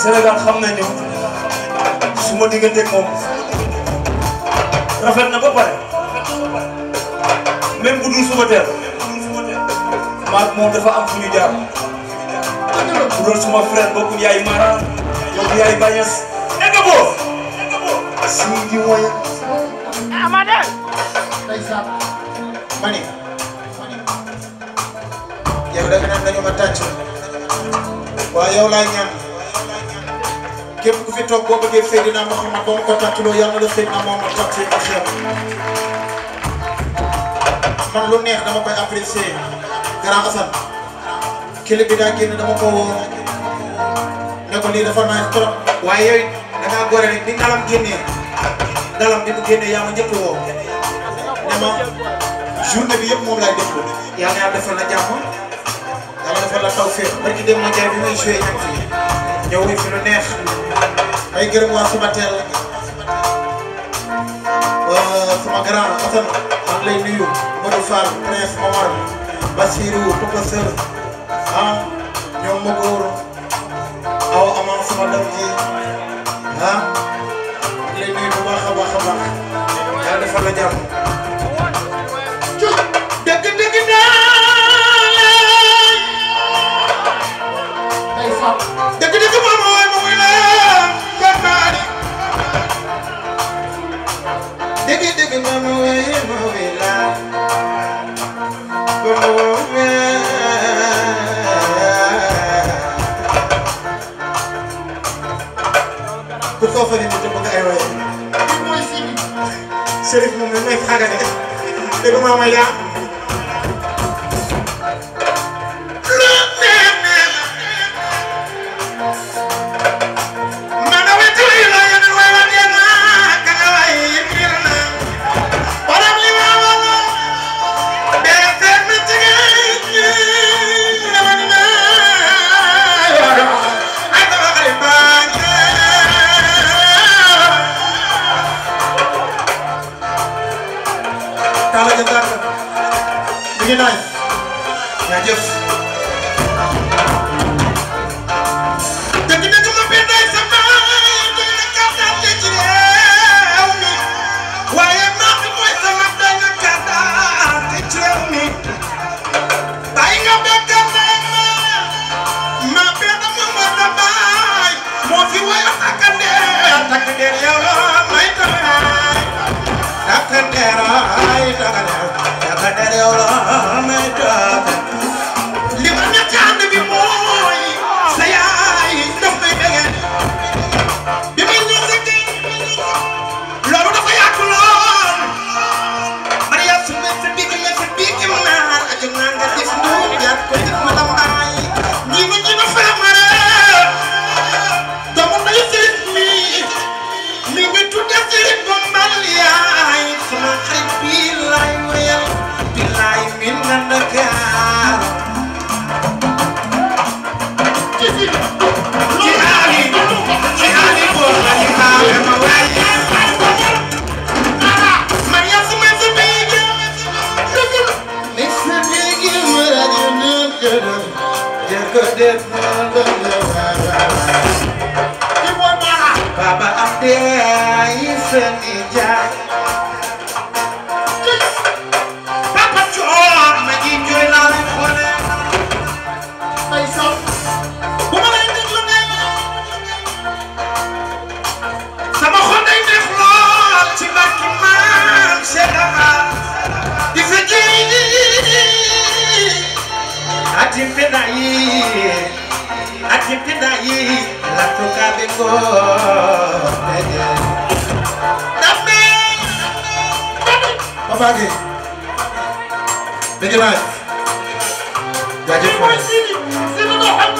Sénégal xam nañu su ma digganteeg moom rafet na ba pare même bu dul maag moom dafa am fu ñu jaar bu doon suma frère bokku yaay Mara bokku yaay Bañas dégg nga boo si di mooy Amade ndeysaan ma ni yow da nga naan dañu ma tàcc waaye yow laay ñaan képp ku fi toog boo bëggee Seydina Mouhamad boo ma ko tàttaloo yàlla na la Seydina Mouhamad tàttali ak xeer man lu neex dama koy apprécier grand Assane kilib bi daa génn dama ko woo ne ko lii dafa naaj trop waaye yooyu dangaa gore rek bi ngalam génnee mu génnee yaa ma njëkk woo ne ma journée bi yëpp moom laay def ko yàlla yàlla defal la jàmm yàlla defal la dem ma jaay bi muy joué ñam fii ñëw fi lu neex may gërëm waa sama teel euh, sama grand Assane maa ngi lay nuyu Modou Fall prince Omar Bassirou professeur ah ñoom ma góor aw amaan sama doom ji ah maa ngi lay nuyu bu baax a baax a baax yàlla defal la jàmm tagade ɓe ko mama ya Mera, I don't know. Let my love Mbacké dëgg laaj jaajëf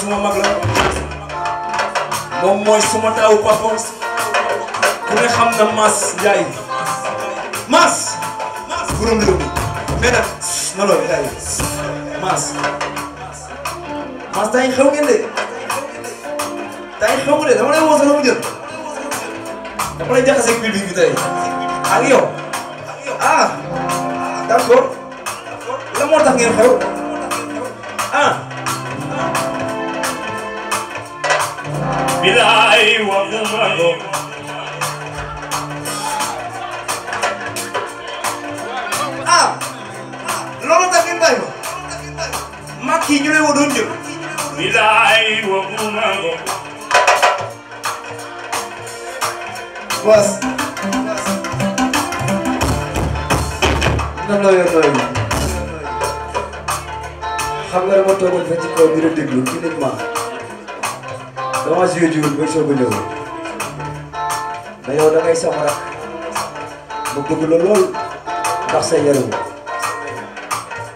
suma mag la mooy suma taawu papa ku ne xam na Mass Ndiaye Mass borom réew mi mais nag maloy ay maas maas tay xew ngeen de tay xew ngeen de dama lay woo sa mu jël dama lay jaxase public bi tay ak yow ah d'accord la moo tax ngeen xew ah bilaay waxuma ko kii ñu lay woo doon jël bilaay waxuma ko was nam la yor nooy xam nga dama toogoon fa ci kaw bi rek déglu ci nit ma dama joué jiwul ba soog a ñëw mais yow da ngay sama rak ma bëgg la lool ndax sa yaram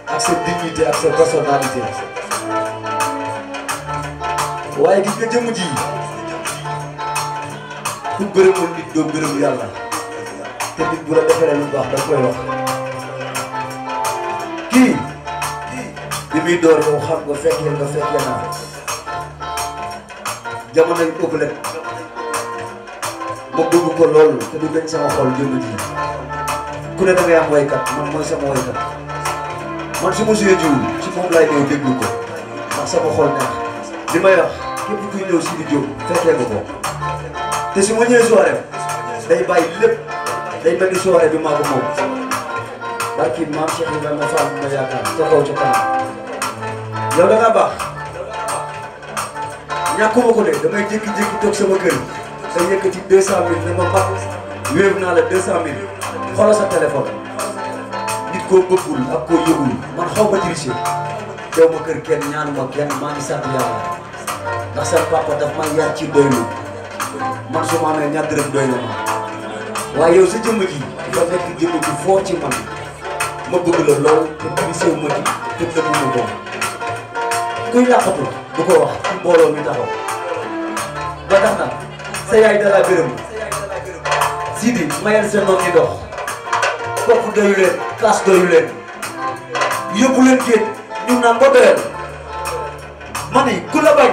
ak sa dig personnalité ak sa personnalité waaye gis nga jëmm ku gërëmul nit doo gërëm yàlla te nit bu la defalee lu baax da koy wax kii bi muy door yow xam nga fekkee nga fekkee naa jamono yu ëpp lekk ma ko loolu te du gën sama xol jëmm ji ku ne da ngay am waykat man mooy sama waykat man su ma suyee ci moom laay ñëw déglu ko ndax sama xol neex li may wax képp kuy ñëw si di jóg fekkee nga ko te su ma ñëwee soirée day bàyyi lépp day mel ni soirée yaakaar ca kaw yow da baax ñàkkuma ko de damay jékki-jékki toog sama kër nga yëkkati 200000 ne ma mbaq wéeru naa la 200000 xoolal sa téléphone. nit koo bëggul ak koo yëgul man xaw ma tricher teew ma kër kenn ñaanu ma kenn maa ngi sant yàlla ndax sa papa daf ma yar ci doylu man su ma amee ñaar dërëm doy na ma waaye yow sa jëmm ji dafa nekk jëmm ji foo ci man ma bëgg la lool te tricher ma ji te dëggu ma ko kuy làqatu du ko wax ci mbooloo mi taxaw ba tax na sa yaay dala gërëm Sidi mayal sa noon di dox bopp doyu leen classe doyu leen yóbbu leen géej ñu naan ba doyal ku la bañ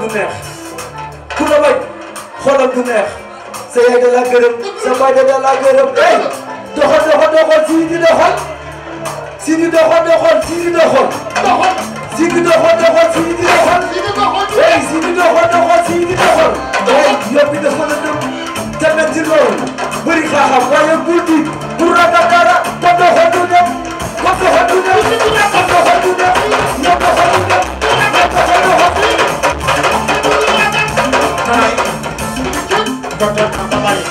du neex ku la bañ du neex sa yaay da gërëm sa baay da gërëm ay doxal doxal doxal sii di doxal sii di doxal doxal sii di doxal doxal sii di doxal doxal sii di doxal sii di doxal doxal sii di yóbbi dafa la dem kenn ci loolu bëri xaaxam waaye bul di bu ragal dara ba doxal du dem ba doxal du dem ba doxal du dem ba doxal du dem ba doxal doxal. docteur Anta Mbaye.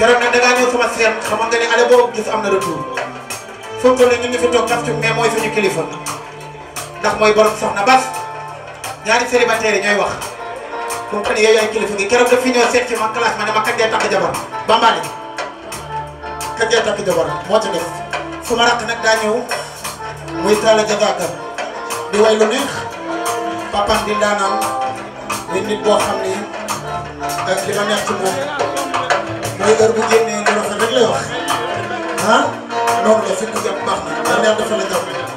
gërëm na da ngaa ñëw sama seen xam nga ne ale boobu gis am na retour foog ko ne ñun ñu fi toog kaf ci mais mooy suñu kilifa ndax mooy borom soxna Bas ñaari célibataire ñooy wax. moom kan yooyu yaay kilifa gi keroog daf fi ñëw seet ci ma classe ma ne ma kañ ngay takk jabar bambali kañ ngay takk jabar moo ci def su ma rakk nag daa ñëw muy taal a jagaaka di way lu neex papam di daanaan muy nit boo xam ni ak eh, li ma neex ci moom mooy heure bu génnee lu rafet rek lay wax ah noonu dafa la jàpp